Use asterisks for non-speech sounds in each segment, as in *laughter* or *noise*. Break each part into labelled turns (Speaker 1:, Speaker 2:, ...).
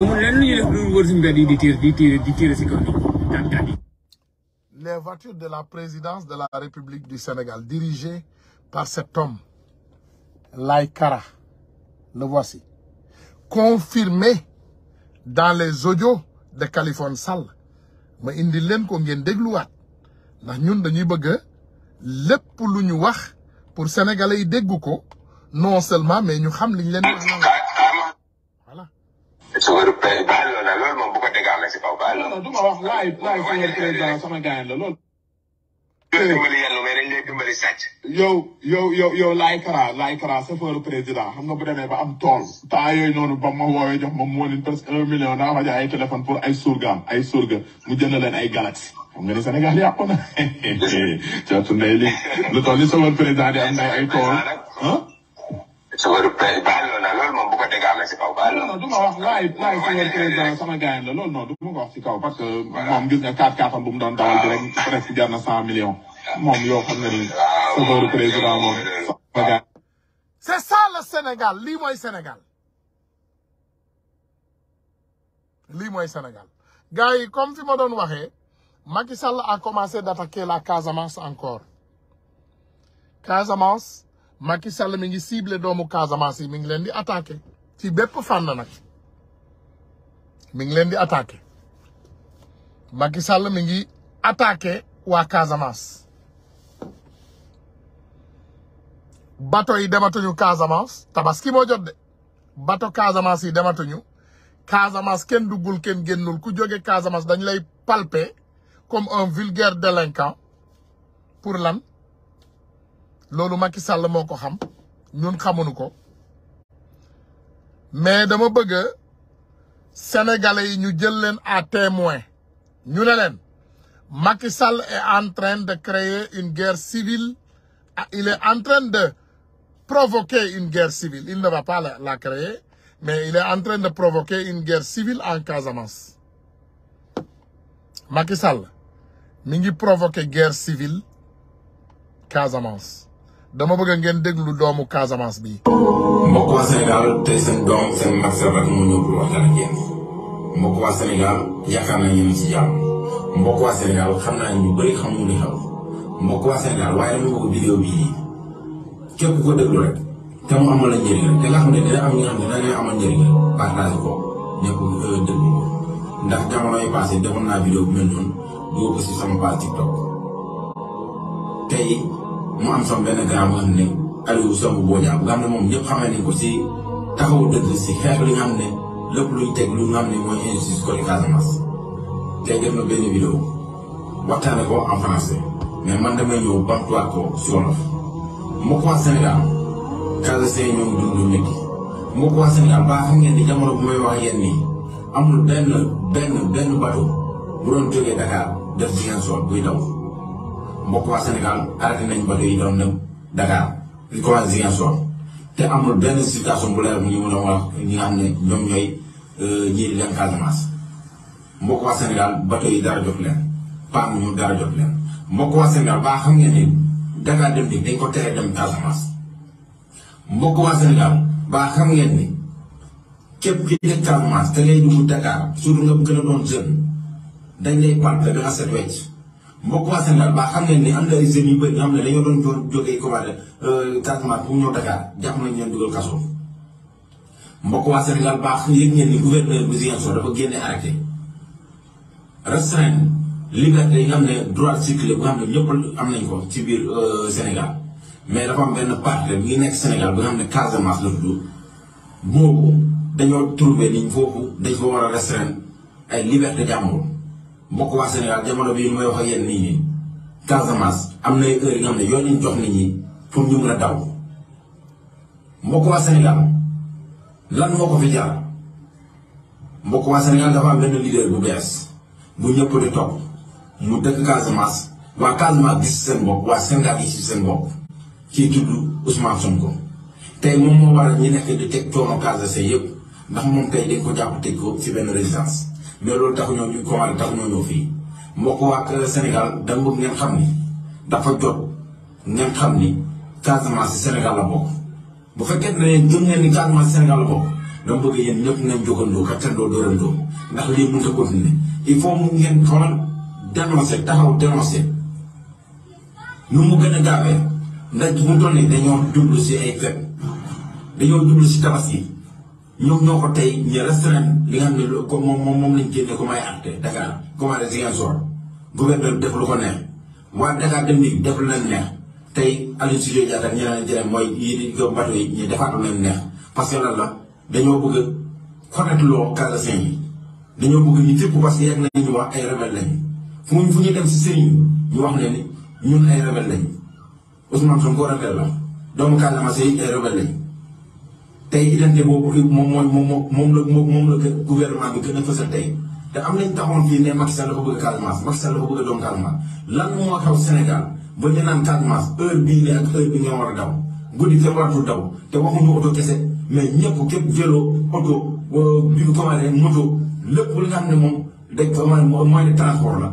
Speaker 1: amul lenn
Speaker 2: les voitures de la présidence de la République du Sénégal dirigées par cet homme Laykara le voici confirmé dans les audios de Khaliphone Sall ma indi leen ko ngeen dégluwaat ndax ñun dañuy bëgg lépp lu ñu wax pour sénégalais yi déggu ko non seulement mais ñu xam liñ leen suukaru
Speaker 3: pré baal loola loolu moom bu ko déggee si kaw
Speaker 2: baal loola. du ma wax laay laay suukaru président sama gars la loolu. loolu dimbali yàlla mais dañ lay dimbali sàcc. yow yow yow yow laay kara laay kara suukaru président xam nga bu demee ba am tool. temps yooyu noonu ba ma woowee jox ma moo leen presque un million daa ma jox ay téléphone pour ay surgaam ay surga mu jënd leen ay galaxy. xam nga ni Sénégal yàqu na. *laughs* cootu ndey li lu toll ni suukaru président di am na ay tool.
Speaker 3: suukaru pré baal na loolu moom bu ko tegaamee si kaw baal na.
Speaker 2: non du ma wax laay laay suukaru président sama gars la loolu non du ma wax si parce que. moom gis nga 4-4 am bu mu doon président moom c'est ça le Sénégal lii mooy Sénégal lii mooy Sénégal gars yi comme fi ma doon waxee Macky Sall a commencé d'attaquer la Casamance encore Casamance. Macky Sall mi ngi ciblé doomu Casamance yi mi ngi leen di attaqué ci bépp fànn nag mi ngi leen di attaqué Macky Sall mi ngi attaqué waa Casamance bato yi dematuñu Casamance tabaski moo jot de bato Casamance yi dematuñu Casamance kenn duggul kenn génnul ku jóge Casamance dañ lay palpe comme un vulgaire délinquant pour lan loolu Macky Sall moo ko xam ñun xamuñu ko mais dama bëgg sénégalais yi ñu jël leen à témoin ñu ne leen Macky Sall est en train de créer une guerre civile ah, il est en de provoquer une guerre civile il ne va pas la, créer mais il est en de provoquer une guerre civile en Casamance Macky Sall ngi provoquer guerre civile Casamance dama bëgg a ngeen déglu doomu Casamance bi mbokk waa Sénégal tey seen doom seen mag rak mu ñëw pour waxtaan ak yéen mbokk waa Sénégal yaakaar naa ñu ci jàmm mbokk xam naa mbokk waa Sénégal waaye dama
Speaker 1: bëgg vidéo bii képp ko déglu rek te mu amal la njëriñ te nga xam ne dina am ñi nga xam ne dina leen amal njëriñ partage euh, ndax jamono yi passé naa vidéo bu mel noonu doo ko si sama page TikTok
Speaker 3: mu am sama benn grand boo xam ne Aliou Samb Bodia bu nga ne moom ñëpp xamee nañ ko si taxawu dëgg si xeex li ne lépp luñ teg lu nga xam ne
Speaker 1: mooy injustice côté Casamance. tey def na benn vidéo waxtaane ko en français mais man damay ñëw bamtuwaat ko si wolof mbokk waa Sénégal Casamance ñoo ngi dund mbokk waa Sénégal ba xam ngeen ni jamono bu may wax yéen nii amul benn benn benn bateau bu doon jógee Dakar def Ziguinchor buy daw. mbokk waa Sénégal arrêté nañ bateau yi doon dem Dakar di commencé Ziguinchor te amul benn situation bu leer bu ñu mën a wax ñi nga xam ne ñoom ñooy euh, ñii dem Casamance mbokk waa Sénégal baa xam nga ni Dakar dem bi dañ ko tere dem Casamance mbokk waa Sénégal baa xam ngeen ni képp ki nekk Casamance
Speaker 3: te ngay dugg Dakar surtout nga gën a doon jeune dañ lay pal danga set wecc mbokk
Speaker 1: waa Sénégal ba xam ngeen ni am na ay jeunes yu bëri yoo ne dañoo doon joor jógee commandé euh, traitement pour ñëw Dakar jàpp nañ leen dugal kaso mbokk waa Sénégal baax yëg ngeen ni gouverneur bu Ziguinchor dafa génne arrêté restreindre yi nga xam ne droit de circuler bu nga xam ne ko ci biir euh, Sénégal mais benn parti bi ngi nekk Sénégal bi nga xam ne Casamance la tudd boobu dañoo trouvé niñ foofu dañ ko war a restreindre ay liberté jàmbur mbokk waa Sénégal jamono bii may wax a yéen nii nii Casamance am na ay heures yi nga ñu jox nit ñi pour ñu mën a daw mbokk waa Sénégal lan moo ko fi jaar mbokk waa Sénégal dafa am benn leader bu bees bu ñëpp di topp mu dëkk Casamance waa Casamance gis seen bopp waa Sénégal gis seen bopp ciy tudd Ousmane Sonko tey moom moo waral ñu nekk di teg coono Casamance yëpp ndax moom tey dañ ko jàpp teg ko ci benn résidence. mais loolu taxu ñoo ñu ko taxu ñoo ñëw fii mbokk waa Sénégal da nga ngeen xam ni dafa jot ngeen xam ni Casamance Sénégal la bokk bu fekkee ne gëm ngeen ni Casamance Sénégal la bokk dama bëgg yéen nañ jógandoo kattandoo dóorandoo ndax lii mënut a continuer il faut mu ngeen xoolal dénoncer taxaw dénoncer nu mu gën a gaawee ndax bu mu toll nii dañoo jublu si ay fête dañoo dublu si tabaski ñoom ñoo ko tey ñu restreint li nga xam ne comme moom moom lañ génne comme ay acte Dakar commandé Ziguinchor gouverneur def lu ko neex waa Dakar dem ni def lu leen neex tey Aline Sitoé Diatta ñu ne leen mooy i bateau yi ñu defaat lu leen neex la dañoo bëgg connecté loo yi dañoo bëgg ñu tëpp parce que yegg nañ ñu wax ay rebelle lañ fu ñu fu ñu dem si sëriñ ñu wax ne ni ñun ay rebelle lañ Ousmane Sonko rebelle la doomu Casamance ay rebelle lañ. te tey jii boobu moom mooy moom moom la moom la gouvernement bi gën a fësal tey te am nañ taxoon fii ne Macky Sall dafa bëgg Casamance Macky Sall dafa bëgg doon Casamance lan moo xew Sénégal ba ñu naan Casamance heure bi la ak heure bi nga war a daw guddi kenn waratul daw te waxuñu oto kese mais ñëpp képp vélo oto euh, bi ñu commandé moto lépp li nga xam ne moom day commandé mooy de transport la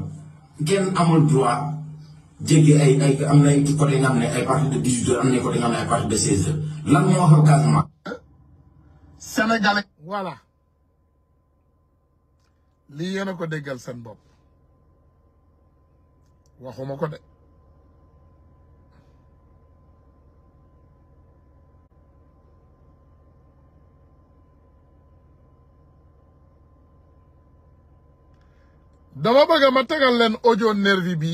Speaker 1: kenn amul droit jéggi ay ay am na ay côté nga xam ne ay parties am ne ay parties
Speaker 2: de sénégalais voilà lii yéen ko déggal seen bopp waxuma ko de dama bëgg ma tegal leen audio nervi bi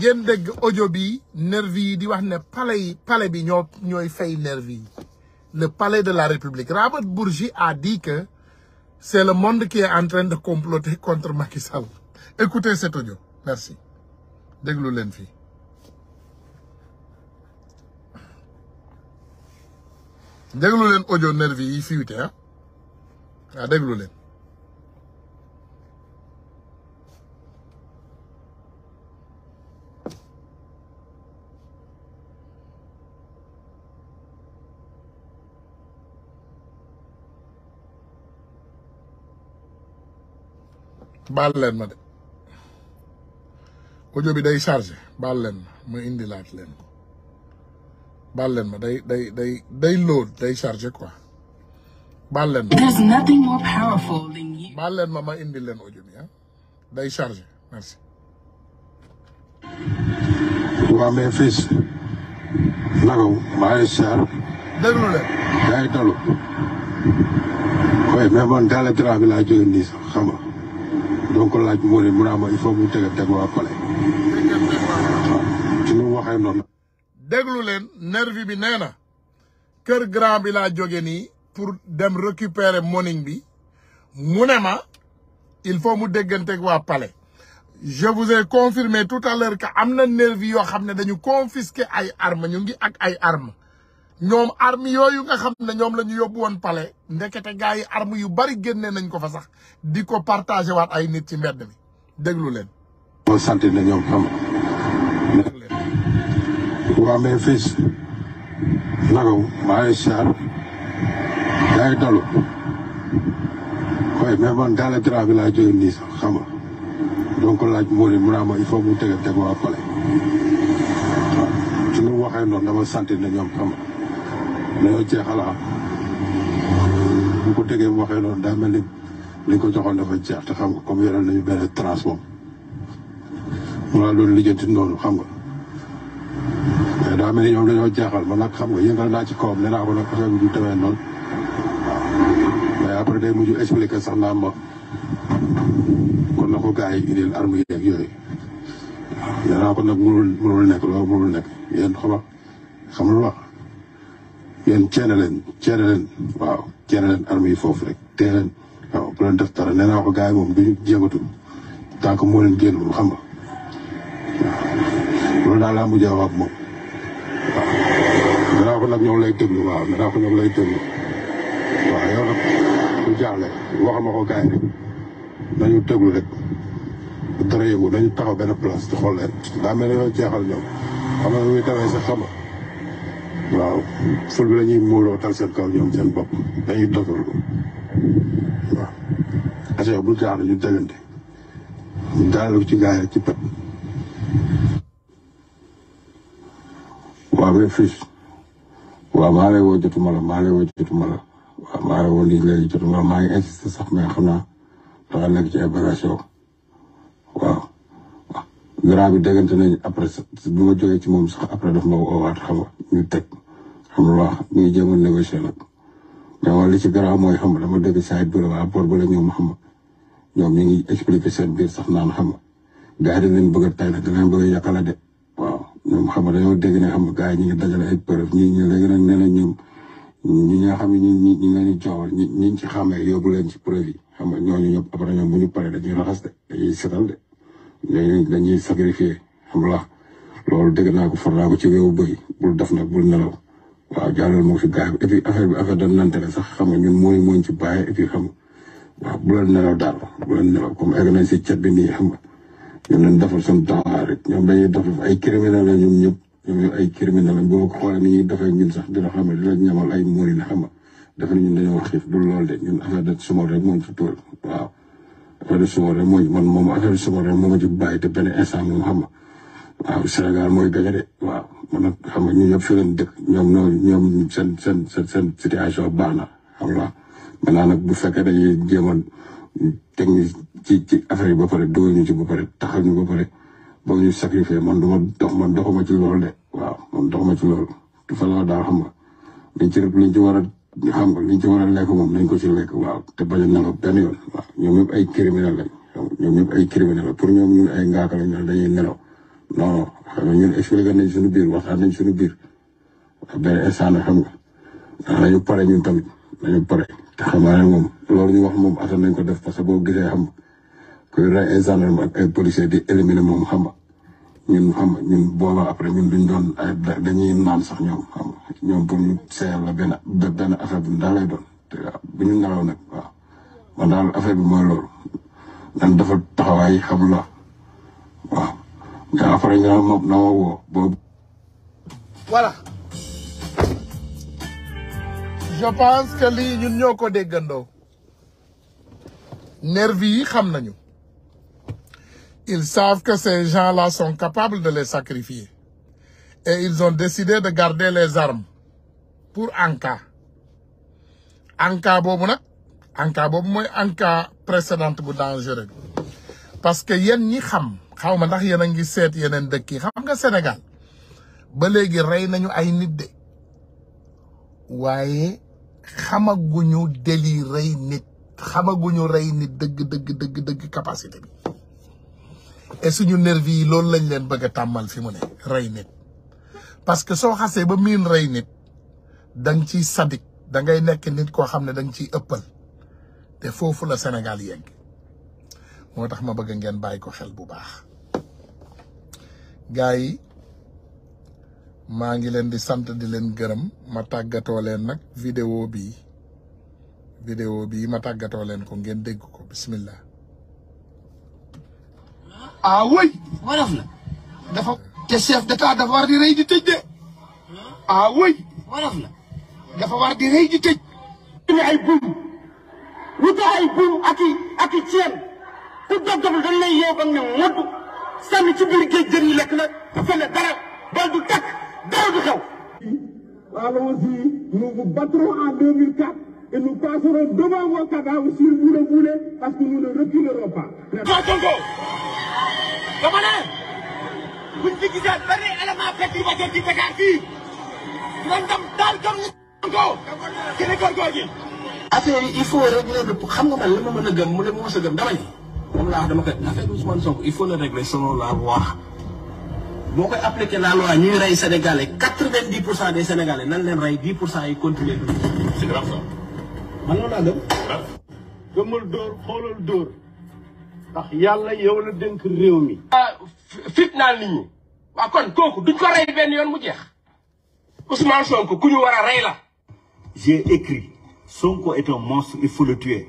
Speaker 2: ngeen dégg audio bi nervi di wax ne pale yi pale bi ñooy fay nervi le palais de la République. Robert Bourgi a dit que c'est le monde qui est en de comploter contre Macky Sall. Écoutez cet audio. mersi déglu leen fii. déglu leen audio nervi yi fii wute ah, déglu leen. baal leen ma de audio bi day charge baal leen ma ma indilaat leen ko baal leen ma day day day day load day charge quoi baal leen ma. ma ma indi leen audio bi ah day chargé merci.
Speaker 3: waa mais fils naka maa ngi siyaar. déglu leen. yaa ngi toll. oui mais man daal la bi laa jógee nii sax doo laaj moo ne mun ah ma il faut
Speaker 2: leen nervi bi nee na kër grand bi laa jóge nii pour dem récupérer morning bi mu ma il faut mu dégganteeg waa pale je vous ai confirmé tout à l'heure am na nervi yoo xam ne dañu confisqué ay armes ñu ngi ak ay armes ñoom arme yooyu nga xam ne ñoom la yóbbu woon pale ndekete gars yi arme yu bari génne nañ ko fa sax di ko partagé waat ay nit ci mbedd mi déglu leen. moo
Speaker 3: sant na ñoom xam waa mais fils nagaw maa ngi siyaar yaa ngi dalu waaye mais man daal drap bi laa jógee nii sax xam nga donc laaj moo ne a naa ma il faut mu tege teg waa palais waaw mu waxee noonu dama sant na ñoom xam dañoo jeexal am bu ko déggee mu waxee loolu daa mel ni li ko joxoon dafa jeex te xam nga comme yore nañu benn trans moom mu laa doon xam nga mais mel ni ñoom dañoo jeexal man nag xam nga yëngal naa ci kawam nee naa ko nag affaire bi du demee sax naa ma kon na yi indil yooyu nee ko nag nekk loolu mënul nekk yéen xam nga lu wax yéen ceene leen ceene leen waaw ceene leen armes foofu rek tee leen waaw bu leen def dara nee naa ko gars yi moom duñu jégatul tant que moo leen génnul xam nga waaw loolu daal laa mujjee wax ak moom waaw nee naa ko nag lay déglu waaw nee naa ko ñoom lay yi rek nañu déglu rek dara yëngu nañu taxaw benn place di xool leen daa mel ne yow jeexal ñoom xam nga muy demee sax xam nga waaw ful bi la ñuy muuroo tal seen kaw ñoom seen bopp dañuy dogal waaw. affaire bu jaaxle ñu dëggante ñu daal ci gars ci pep. waaw mais maa lay woo jotuma la maa lay woo jotuma maa lay woo lii léegi maa ngi insisté sax mais xam naa dafa nekk ci évaluation waaw. grand bi déggante nañ après bi ma jogee ci moom sax après daf ma woowaat xam nga. ñu teg xam lu baax ñu ngi jéem a négocier nag mais li ci garaaw mooy xam dama dégg saa yu bëri waa boor ba la ñoom xam ñoom ñu ngi expliqué seen biir sax naan xam gars yi dañ leen bëgg a tay nag dañ leen a de waaw ñoom xam dañoo dégg ne xam gars yi ñu ngi dajale ay preuve ñi ñu léegi nag nee na ñu ñu nga xam ne ñu ñi ñu leen di joxal ñi ñi ci xamee yóbbu leen ci preuve yi xam nga ñooñu ñëpp après ñoom bu ñu pare dañuy raxas de dañuy setal de dañuy sacrifier xam la loolu dégg naa ko for naa ci weewu bëy bul def nag bul nelaw waaw jàllal moom si gars yi et puis affaire bi sax xam nga ñun mooy mooñ ci bàyyi et puis xam nga waaw bu la nelaw comme egg nañ si cat bi nii xam nga ñun dañ defal seen temps ñoom dañuy def ay criminel la ñun ñëpp ñoom boo ko xoolee ni ñuy defee ñun sax dina xam ne dina ñamal ay muur yi xam nga dafa ne ñun dañoo xiif du loolu de ñun affaire de sumar rek moom ci tool waaw affaire de sumar rek moom affaire de sumar rek moom ci bàyyi te benn instant waaw Sénégal mooy gañe de waaw man nag xam nga ñun ñëpp fi leen dëkk ñoom ñoom seen seen seen seen situation baax na xam nga maintenant nag bu fekkee dañuy jéem a technique ci ci affaire yi pare dóor ñu ci ba pare taxaw ñu ba pare ba ñu sacrifier man du ma dox man doxuma ci loolu de waaw man doxuma ci loolu du fa la daal xam nga liñ ci liñ ci war a xam nga liñ ci war a lekk moom nañ ko ci lekk waaw te bañ a nelaw benn yoon waaw ñoom ñëpp ay criminel lañ ñoom ñëpp ay criminel la pour ñoom ñun ay ngaaka lañ dañuy nelaw non non xam nga ñun expliqué nañ suñu biir waxtaan nañ suñu biir benn instant nag xam nga ndax ah, nañu pare ñun tamit nañu pare te xam nga ne moom loolu ñu wax moom attan nañ ko def parce que boo gisee xam nga kuy rey ak ay policier di éliminer moom xam nga ñun xam nga ñun booba après ñun duñ doon ay dañuy naan sax ñoom ñoom pour ñu seeyal la benn benn affaire bu ndax lay doon te ah, bu ñu nelaw nag waaw man daal affaire bi mooy loolu nan dafa taxawaay xam la voilà
Speaker 2: je pense que lii ñun ñoo ko déggandoo. nervi yi xam nañu. ils savent que ces gens-là sont capables de les sacrifier. et ils ont décidé de garder les armes pour en cas en cas boobu nag en cas boobu mooy en cas précédente bu dangereux parce que yéen ñi xam. xaw ma ndax yéen a ngi seet yeneen dëkk yi xam nga senegal ba léegi rey nañu ay nit de waaye xamaguñu deli rey nit xamaguñu rey nit dëgg dëgg dëgg dëgg capacité bi et suñu nervi yi loolu lañ leen bëgg a tàmmal fi mu ne rey nit parce que soo xasee ba miin rey nit dang ciy sadik dangay nekk nit koo xam ne danga ciy ëppal te foofu la Sénégal yegg moo tax ma bëgg ngeen bàyyi ko xel bu baax gaa yi maa ngi leen di santa di leen gërëm ma tàggatoo leen nag video bi vidéo bi ma tàggatoo leen ko ngeen dégg ko bismillah ah waraf la dafa te chef d'état dafa war di rey di tëj de ah
Speaker 1: waraf la dafa war di rey di tëj wuta ay buum ak i ku dog dañ lay yow ba nga ne modd génn ci biir géej jën yi lekk na fële dara bal du takk dara du xew. Allons-y, nous vous battrons en 2004 et nous passerons devant vos cadavres sur vous le voulez parce que nous ne reculerons pas. Ousmane Sonko dama ne buñ fi gisee benn élément perturbateur ci Dakar fii dinañ dem daal comme ni Sonko keneen góorgóor gi. affaire yi il faut rek ñu ne xam nga man mën a gëm mu ne ma mos a gëm moom laa wax dama koy affaire Ousmane Sonko il faut le régler selon la loi boo koy laa la loi ñuy rey sénégalais quatre-vingt-dix pour cent des sénégalais nan leen rey dix pour cent yi continuer dund. c'est grave ça. man yàlla yow dénk réew mi. Ah, fitnaal nit ñi. kooku duñ ko rey benn yoon mu jeex. Ousmane Sonko ku ñu war a rey la. j'ai écrit Sonko est monstre il faut le tuer.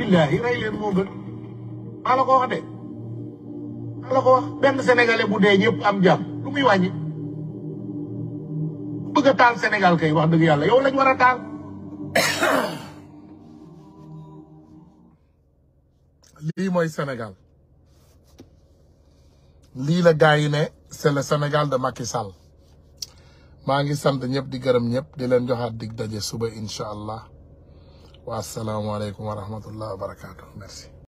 Speaker 2: billaahi rey leen moo gën maa wax de maa wax benn sénégalais bu dee ñëpp am jàmm lu muy wàññi bëgg a taal Sénégal kay wax dëgg yàlla yow lañ war a taal *coughs* lii mooy Sénégal lii la gars yi ne c'est le Sénégal de Macky Sall maa ngi sant ñëpp di gërëm ñëpp di leen joxaat dig daje suba incha allah wa asalaamaaleykum wa rahmatullah wa barakaatu merci